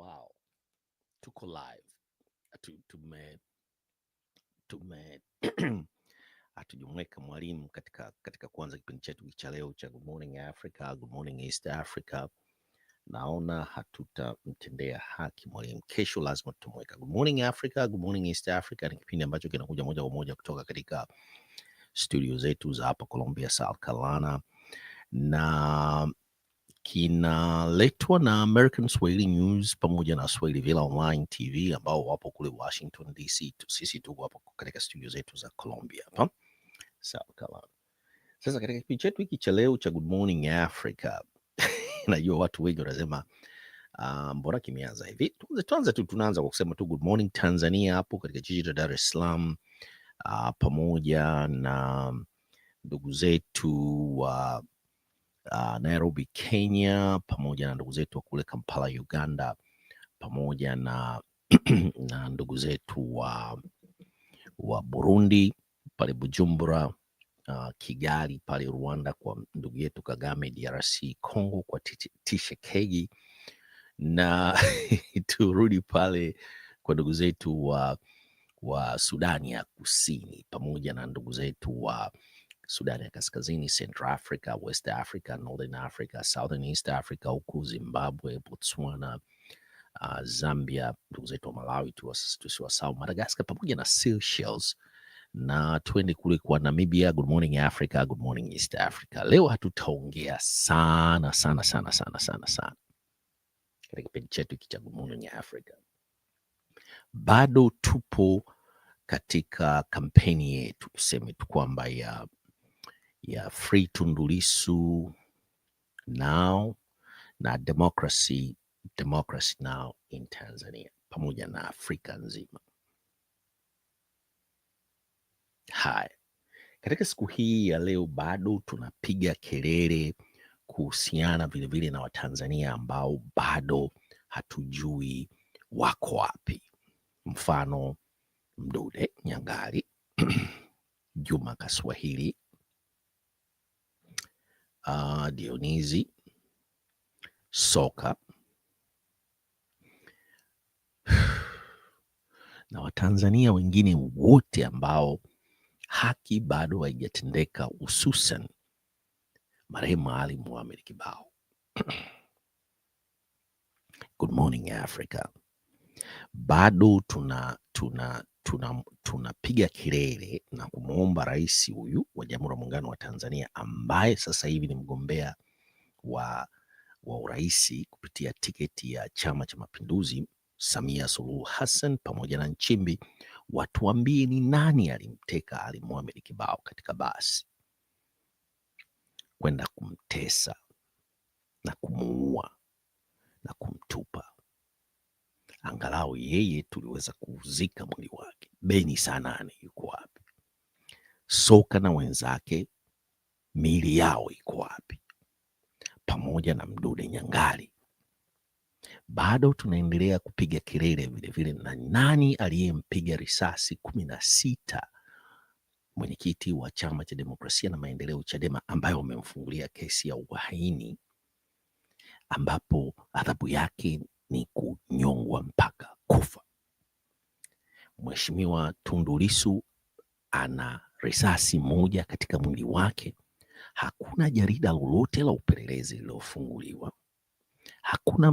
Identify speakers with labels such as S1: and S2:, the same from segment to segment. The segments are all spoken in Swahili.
S1: wow, tuko live, tume tume mwalimu katika, katika kuanza kipindi chetu cha leo cha Good Morning Africa, Good Morning East Africa. Naona hatutamtendea haki mwalimu. Kesho lazima tutamweka. Good Morning Africa, Good Morning East Africa ni kipindi ambacho kinakuja moja kwa moja kutoka katika studio zetu za hapa Columbia, South Carolina na kinaletwa na American Swahili News pamoja na Swahili Villa Online TV ambao wapo kule Washington DC. Sisi tuko hapo katika studio zetu za Columbia hapa. Sawa. Sasa katika kipindi chetu hiki cha leo cha Good Morning Africa najua watu wengi wanasema uh, um, kimeanza hivi? Tuanze tu, tunaanza kwa kusema tu good morning Tanzania hapo katika jiji la Dar es Salaam uh, pamoja na ndugu zetu wa uh, uh, Nairobi Kenya, pamoja na ndugu zetu wa kule Kampala Uganda, pamoja na, na ndugu zetu wa, wa Burundi pale Bujumbura, uh, Kigali pale Rwanda kwa ndugu yetu Kagame, DRC Congo kwa Tshisekedi na turudi pale kwa ndugu zetu wa, wa Sudani ya Kusini pamoja na ndugu zetu wa sudan ya Kaskazini, Central Africa, West Africa, Northern Africa, Southern East Africa, huku Zimbabwe, Botswana, uh, Zambia, ndugu zetu wa Malawi tusiwasahau, Madagascar pamoja na Seychelles na tuende kule kwa Namibia. Good morning Africa, good morning East Africa. Leo hatutaongea sana sana sana sana sana sana katika kipindi chetu hiki cha Good Morning Africa. Bado tupo katika kampeni yetu tuseme tu kwamba ya ya Free Tundulisu Now na Democracy, Democracy Now in Tanzania pamoja na Afrika nzima. Haya, katika siku hii ya leo bado tunapiga kelele kuhusiana vilevile na Watanzania ambao bado hatujui wako wapi, mfano Mdude Nyangali, Juma Kaswahili uh, ah, Dionisi Soka na Watanzania wengine wote ambao haki bado haijatendeka, hususan marehemu Ali Muhammad Kibao. Good morning Africa, bado tuna tuna tunapiga tuna kilele na kumwomba rais huyu wa Jamhuri ya Muungano wa Tanzania ambaye sasa hivi ni mgombea wa, wa urais kupitia tiketi ya Chama cha Mapinduzi, Samia Suluhu Hassan pamoja na Nchimbi watuambie ni nani alimteka Ali Mohamed Kibao katika basi kwenda kumtesa na kumuua na kumtupa angalau yeye tuliweza kuzika mwili wake. Beni Sanane yuko wapi? Soka na wenzake miili yao iko wapi? Pamoja na Mdude Nyangali bado tunaendelea kupiga kelele vilevile, na nani aliyempiga risasi kumi na sita mwenyekiti wa Chama cha Demokrasia na Maendeleo, Chadema, ambayo wamemfungulia kesi ya uhaini ambapo adhabu yake ni kunyongwa mpaka kufa. Mheshimiwa Tundu Lissu ana risasi moja katika mwili wake. Hakuna jarida lolote la upelelezi lililofunguliwa. Hakuna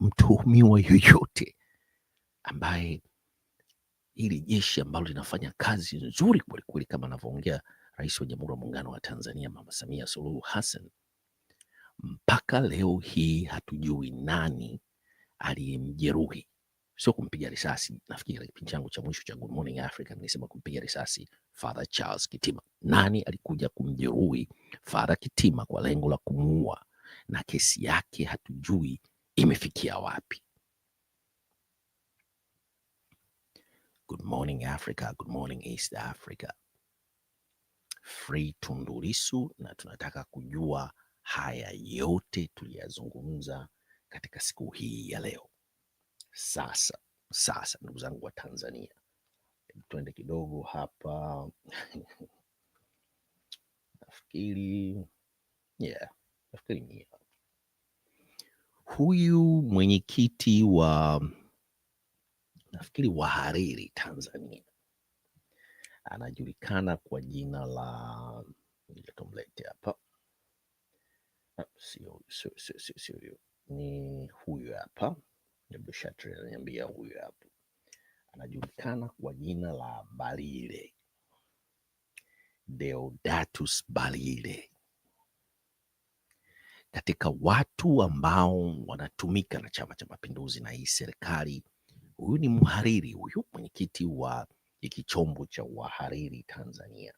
S1: mtuhumiwa yoyote ambaye hili jeshi ambalo linafanya kazi nzuri kwelikweli, kama anavyoongea Rais wa Jamhuri ya Muungano wa Tanzania Mama Samia Suluhu Hassan, mpaka leo hii hatujui nani aliyemjeruhi, sio kumpiga risasi. Nafikiri kipindi changu cha mwisho cha Good Morning Africa nilisema kumpiga risasi Father Charles Kitima. Nani alikuja kumjeruhi Father Kitima kwa lengo la kumuua? Na kesi yake hatujui imefikia wapi. Good morning Africa, good morning East Africa. Free Tundu Lissu, na tunataka kujua haya yote tuliyazungumza katika siku hii ya leo. Sasa sasa, ndugu zangu wa Tanzania, tuende kidogo hapa nafikiri yeah, nafikiri mia huyu mwenyekiti wa nafikiri wahariri Tanzania anajulikana kwa jina la tumlete hapa, ah, sio sio ni huyu hapa, Abdushakur ananiambia huyu hapa anajulikana kwa jina la Balile, Deodatus Balile. Katika watu ambao wanatumika na Chama cha Mapinduzi na hii serikali, huyu ni mhariri, huyu mwenyekiti wa hiki chombo cha wahariri Tanzania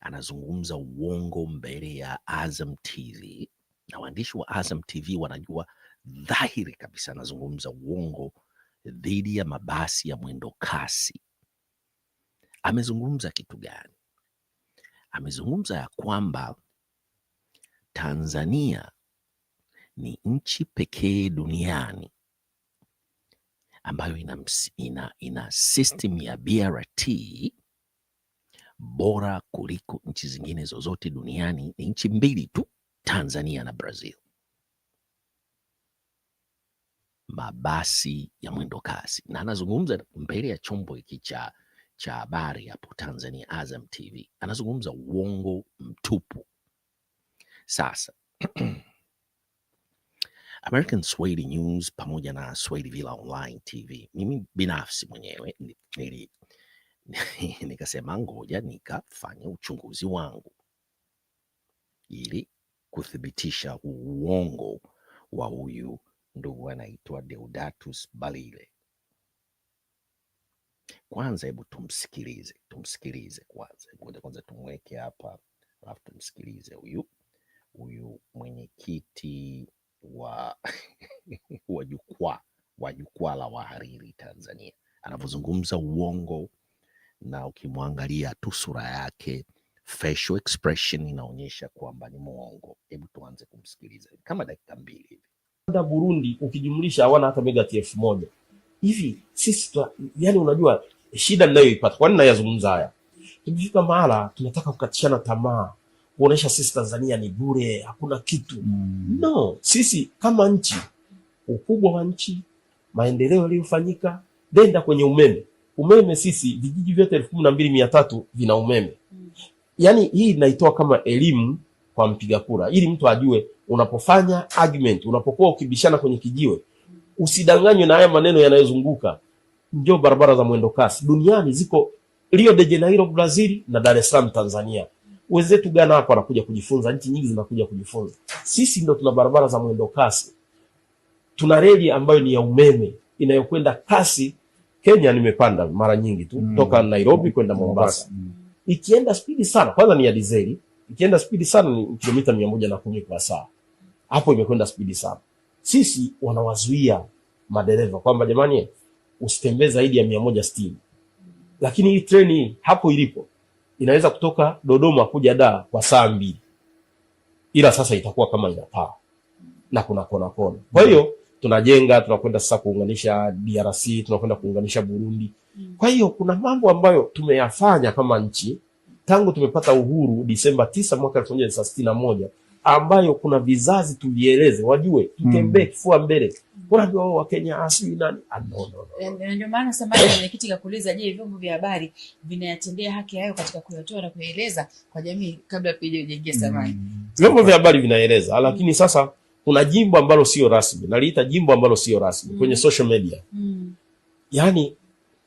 S1: anazungumza uongo mbele ya Azam TV na waandishi wa Azam TV wanajua dhahiri kabisa anazungumza uongo dhidi ya mabasi ya mwendo kasi. Amezungumza kitu gani? Amezungumza ya kwamba Tanzania ni nchi pekee duniani ambayo ina, ina, ina system ya BRT bora kuliko nchi zingine zozote duniani. Ni nchi mbili tu Tanzania na Brazil. Mabasi ya mwendo kasi, na anazungumza mbele ya chombo hiki cha cha habari hapo Tanzania, Azam TV, anazungumza uongo mtupu. Sasa American Swahili News pamoja na Swahili Villa Online TV, mimi binafsi mwenyewe nili nikasema ngoja nikafanya uchunguzi wangu ili kuthibitisha uongo wa huyu ndugu anaitwa Deodatus Balile. Kwanza hebu tumsikilize, tumsikilize kwanza, hebu kwanza tumweke hapa, alafu tumsikilize huyu huyu mwenyekiti wa wa jukwaa wa jukwaa la wahariri Tanzania anavyozungumza uongo, na ukimwangalia tu sura yake facial expression inaonyesha kwamba ni mwongo. Hebu tuanze kumsikiliza kama dakika mbili hivi.
S2: Burundi ukijumlisha hawana hata megawati elfu moja hivi sisi, yani unajua shida ninayoipata. Kwa nini nayazungumza haya? Tumefika mahala tunataka kukatishana tamaa, kuonesha sisi Tanzania ni bure, hakuna kitu mm. No, sisi kama nchi, ukubwa wa nchi, maendeleo yaliyofanyika, denda kwenye umeme. Umeme sisi vijiji vyote elfu kumi na mbili mia tatu vina umeme yani hii inaitoa kama elimu kwa mpiga kura, ili mtu ajue unapofanya argument, unapokuwa ukibishana kwenye kijiwe, usidanganywe na haya maneno yanayozunguka. Ndio barabara za mwendo kasi duniani ziko Rio de Janeiro Brazil na Dar es Salaam Tanzania. Wenzetu Ghana hapo wanakuja kujifunza, nchi nyingi zinakuja kujifunza. Sisi ndio tuna barabara za mwendo kasi, tuna reli ambayo ni ya umeme inayokwenda kasi. Kenya nimepanda mara nyingi tu mm. toka Nairobi kwenda Mombasa mm ikienda spidi sana, kwanza ni ya dizeli, ikienda spidi sana ni kilomita mia moja na kumi kwa saa. Hapo imekwenda spidi sana. Sisi wanawazuia madereva kwamba jamani, usitembee zaidi ya mia moja sitini. Lakini hii treni hapo ilipo inaweza kutoka Dodoma kuja Dar kwa saa mbili, ila sasa itakuwa kama inapaa na kuna kona kona, kwa hiyo tunajenga, tunakwenda sasa kuunganisha DRC, tunakwenda kuunganisha Burundi. Kwa hiyo kuna mambo ambayo tumeyafanya kama nchi tangu tumepata uhuru Disemba 9 mwaka elfu moja ambayo kuna vizazi tulieleze wajue tutembee mm. kifua mbele. Unaambiwa wao Wakenya asili nani? ndio ah, No, no,
S3: no. Eh, ndio maana samani mwenyekiti kakuuliza, je, vyombo vya habari vinayatendea haki hayo katika kuyatoa na kueleza kwa jamii kabla pijaingia samani? mm.
S2: vyombo vya habari vinaeleza, lakini mm. sasa kuna jimbo ambalo sio rasmi, naliita jimbo ambalo sio rasmi mm. kwenye social media mm. yani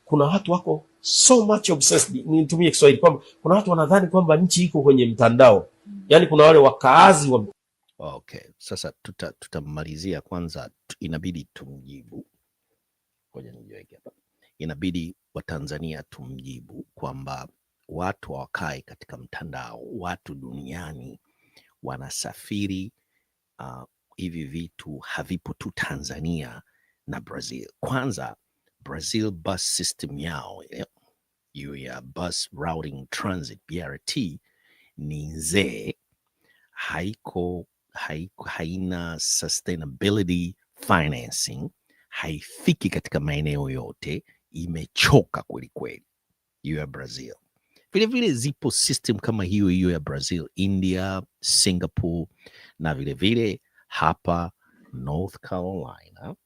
S2: kuna watu wako so much obsessed, nitumie Kiswahili kwamba kuna watu wanadhani kwamba nchi iko kwenye mtandao mm. yani kuna wale wakaazi wa
S1: okay. Sasa tutamalizia, tuta kwanza, inabidi tumjibu, ngoja nijiweke hapa, inabidi Watanzania tumjibu kwamba watu hawakae katika mtandao, watu duniani wanasafiri uh, hivi vitu havipo tu Tanzania na Brazil. Kwanza, Brazil bus system yao eh, hiyo ya bus routing transit BRT ni nzee, haiko, haiko, haina sustainability financing, haifiki katika maeneo yote, imechoka kwelikweli hiyo ya Brazil. Vilevile zipo system kama hiyo hiyo ya Brazil, India, Singapore na vilevile hapa North Carolina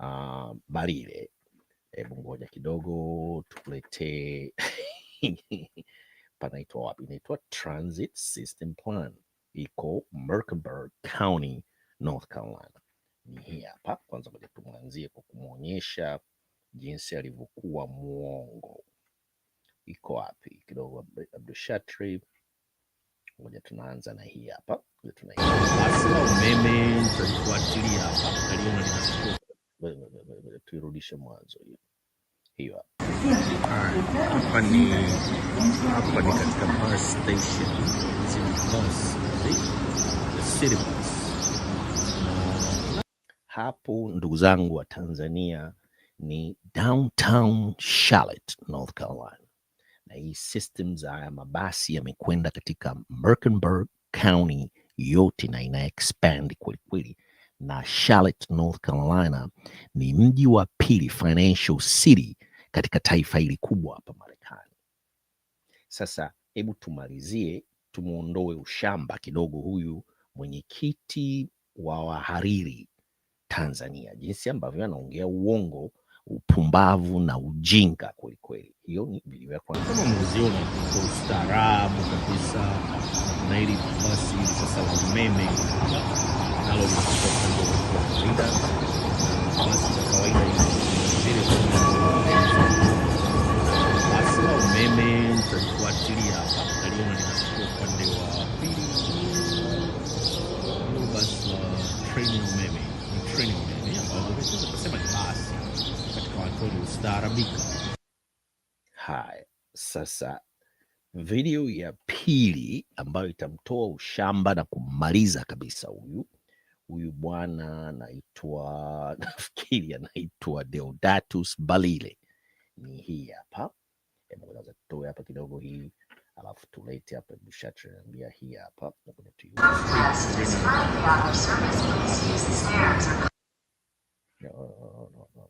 S1: uh, um, Balile. Hebu ngoja kidogo tukuletee panaitwa wapi? Inaitwa Transit System Plan, iko Mecklenburg County, North Carolina. Ni hii hapa. Kwanza moja tumwanzie kwa kumwonyesha jinsi alivyokuwa mwongo. Iko wapi kidogo, Abdushatri? Moja tunaanza na hii hapa umeme Tuirudishe mwanzo hiyo hiyo hapa ni hapa ni katika bus station city bus. Hapo ndugu zangu wa Tanzania ni downtown Charlotte, North Carolina, na hii system za mabasi yamekwenda katika Mecklenburg County yote na ina expand kwelikweli, na Charlotte, North Carolina ni mji wa pili financial city katika taifa hili kubwa hapa Marekani. Sasa hebu tumalizie, tumuondoe ushamba kidogo huyu mwenyekiti wa wahariri Tanzania, jinsi ambavyo anaongea uongo upumbavu na ujinga kwelikweli. Hiyo ni video ya kwanza. Kama muziki kwa ustaarabu kabisa, na ili basi sasa la umeme nalo kawaida basi za kawaida zile basi la umeme nitafuatilia hapa, utaliona linachukua upande wa pili kulistaarabika. Haya, sasa video ya pili ambayo itamtoa ushamba na kummaliza kabisa huyu huyu bwana anaitwa, nafikiri anaitwa Deodatus Balile. Ni hii hapa, hebu naweza tutoe hapa kidogo hii, alafu tulete hapa. Hebu Shatra hii hapa, no, no, no.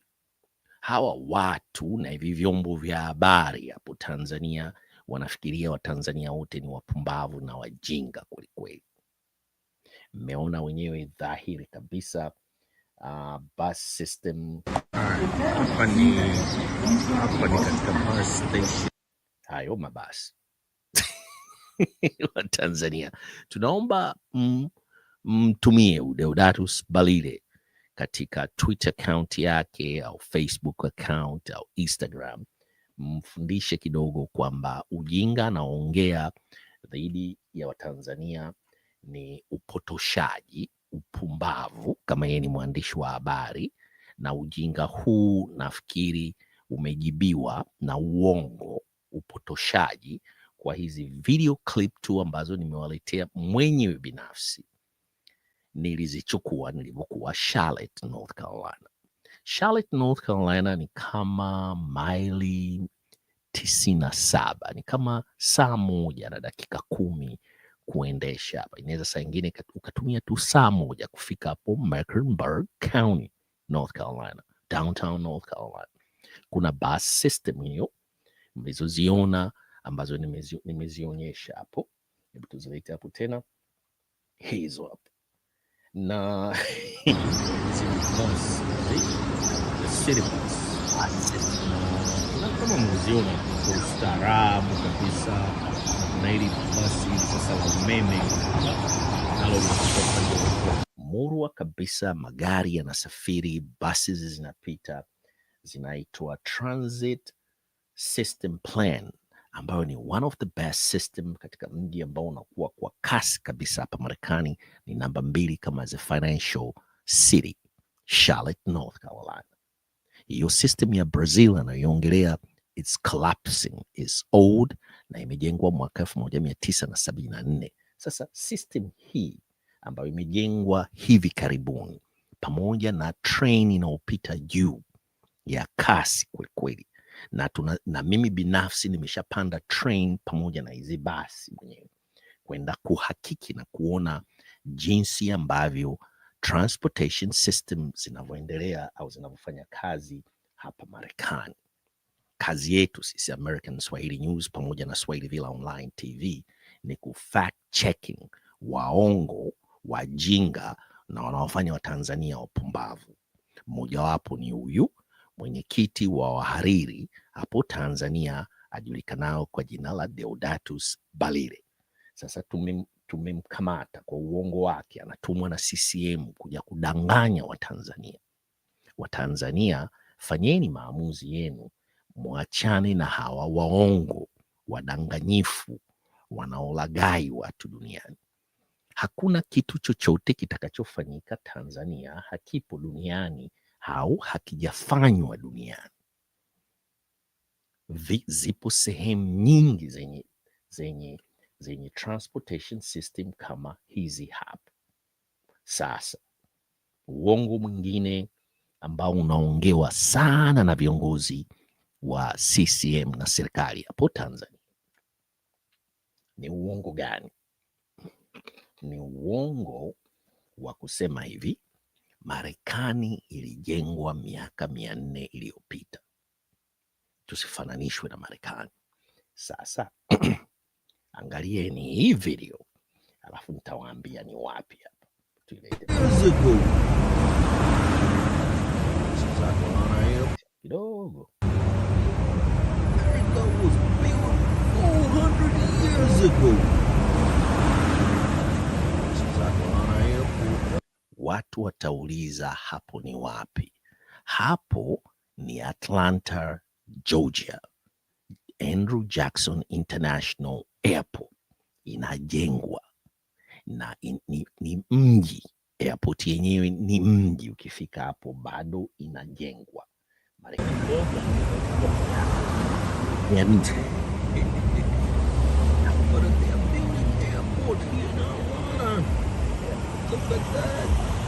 S1: hawa watu na hivi vyombo vya habari hapo Tanzania wanafikiria Watanzania wote ni wapumbavu na wajinga kwelikweli. Mmeona wenyewe dhahiri kabisa. Uh, bus system hapa ni katika bus station, hayo mabasi Watanzania tunaomba mtumie mm, Deodatus Balile katika Twitter account yake au Facebook account au Instagram, mfundishe kidogo kwamba ujinga anaongea dhidi ya Watanzania ni upotoshaji, upumbavu, kama yeye ni mwandishi wa habari. Na ujinga huu nafikiri umejibiwa na uongo, upotoshaji kwa hizi video clip tu ambazo nimewaletea mwenyewe binafsi nilizichukua nilivyokuwa Charlotte, North Carolina. Charlotte, North Carolina ni kama maili tisini na saba, ni kama saa moja na dakika kumi kuendesha hapa. Inaweza saa ingine ukatumia tu saa moja kufika hapo Mecklenburg County, North Carolina, downtown North Carolina. Kuna bus system hiyo mlizoziona ambazo nimezionyesha hapo. Hebu tuzilete hapo tena, hizo hapo na city kama mziona kwa ustaarabu kabisa, na ili basi sasa la umeme nalo murwa kabisa, magari yanasafiri, basi zinapita, zinaitwa transit system plan ambayo ni one of the best system katika mji ambao unakuwa kwa kasi kabisa hapa Marekani, ni namba mbili kama the financial city Charlotte, North Carolina. Hiyo system ya Brazil anayoongelea it's collapsing, is old na imejengwa mwaka 1974. Sasa system hii ambayo imejengwa hivi karibuni pamoja na train inayopita juu ya kasi kwelikweli na, tuna, na mimi binafsi nimeshapanda train pamoja na hizi basi mwenyewe kwenda kuhakiki na kuona jinsi ambavyo transportation system zinavyoendelea au zinavyofanya kazi hapa Marekani. Kazi yetu sisi American Swahili News pamoja na Swahili Villa Online TV ni kufact checking waongo, wajinga na wanaofanya Watanzania wapumbavu. Mmojawapo ni huyu mwenyekiti wa wahariri hapo Tanzania ajulikanao kwa jina la Deodatus Balile. Sasa tumemkamata kwa uongo wake, anatumwa na CCM kuja kudanganya Watanzania. Watanzania, fanyeni maamuzi yenu, mwachane na hawa waongo wadanganyifu wanaolagai watu duniani. Hakuna kitu chochote kitakachofanyika Tanzania hakipo duniani au hakijafanywa duniani. Zipo sehemu nyingi zenye, zenye, zenye transportation system kama hizi hapa. Sasa uongo mwingine ambao unaongewa sana na viongozi wa CCM na serikali hapo Tanzania ni uongo gani? Ni uongo wa kusema hivi Marekani ilijengwa miaka mia nne iliyopita, tusifananishwe na Marekani. Sasa angalieni hii video alafu nitawaambia ni wapi hapa tuilete watu watauliza hapo ni wapi? Hapo ni Atlanta, Georgia, Andrew Jackson International Airport inajengwa na in, ni, ni mji. Airport yenyewe ni mji, ukifika hapo bado inajengwa Marekani.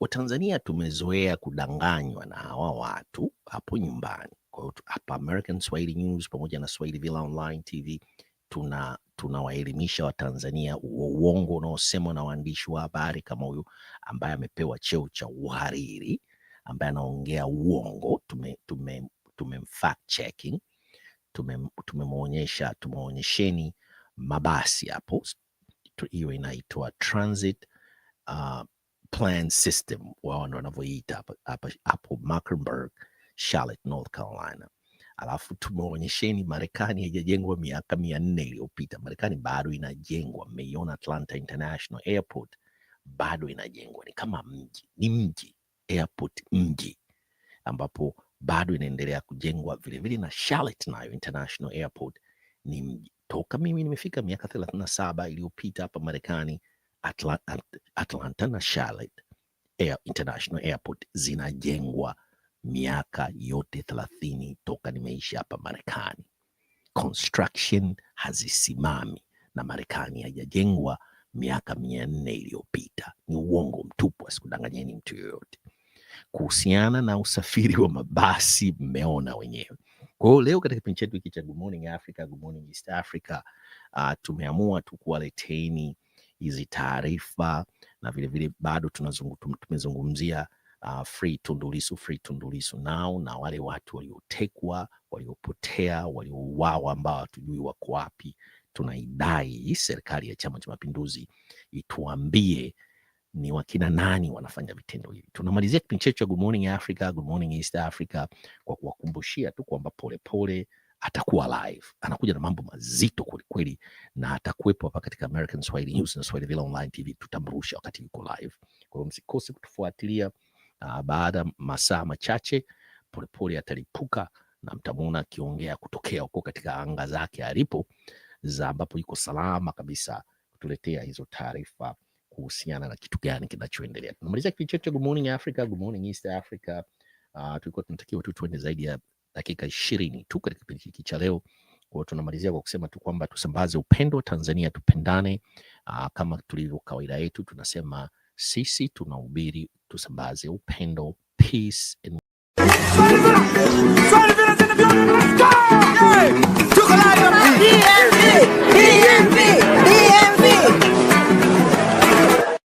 S1: Watanzania tumezoea kudanganywa na hawa watu hapo nyumbani. Kwa hiyo hapa American Swahili News pamoja na Swahili Villa Online TV tuna tunawaelimisha Watanzania uongo unaosemwa na waandishi wa habari kama huyu ambaye amepewa cheo cha uhariri ambaye anaongea uongo. Tume, tume, tume fact checking tumemwonyesha tumeonyesheni mabasi hapo, hiyo inaitwa transit uh, plan system wanavyoita wanavyoiita hapo Mecklenburg Charlotte, North Carolina. Alafu tumeonyesheni Marekani haijajengwa miaka mia nne iliyopita. Marekani bado inajengwa. Mmeiona Atlanta International Airport bado inajengwa, ni kama mji, ni mji airport, mji ambapo bado inaendelea kujengwa vilevile, na Charlotte nayo International Airport ni mji. Toka mimi nimefika miaka thelathini na saba iliyopita hapa Marekani Atlanta, Atlanta na Charlotte Air, International Airport zinajengwa miaka yote thelathini toka nimeishi hapa Marekani. Construction hazisimami na Marekani haijajengwa miaka mia nne iliyopita. Ni uongo mtupu, asikudanganyeni mtu yoyote. Kuhusiana na usafiri wa mabasi, mmeona wenyewe. Kwa hiyo leo katika kipindi chetu hiki cha Good Morning Africa, Good Morning East Africa, uh, tumeamua tu kuwaleteni hizi taarifa na vilevile bado tumezungumzia uh, free Tundu Lissu, free Tundu Lissu nao na wale watu waliotekwa, waliopotea, waliouawa ambao hatujui wako wapi. Tunaidai serikali ya Chama cha Mapinduzi ituambie ni wakina nani wanafanya vitendo hivi. Tunamalizia kipindi chetu cha Good Morning Africa, Good Morning East Africa kwa kuwakumbushia tu kwamba polepole atakuwa live, anakuja na mambo mazito kwelikweli, na atakuwepo hapa katika American Swahili News na Swahili Vila Online TV. Tutamrusha wakati yuko live, kwa hiyo msikose kutufuatilia. Uh, baada masaa machache polepole atalipuka na mtamuona akiongea kutokea huko katika anga zake alipo za ambapo yuko salama kabisa kutuletea hizo taarifa kuhusiana na kitu gani kinachoendelea. Tunamaliza kipindi chetu cha Good Morning Africa, Good Morning East Africa. Uh, tulikuwa tunatakiwa tu tuende zaidi ya dakika ishirini tu katika kipindi hiki cha leo. Kwa hiyo tunamalizia kwa kusema tu kwamba tusambaze upendo Tanzania, tupendane. Aa, ah, kama tulivyo kawaida yetu tunasema sisi tunahubiri tusambaze upendo, peace and... DMV, DMV, DMV.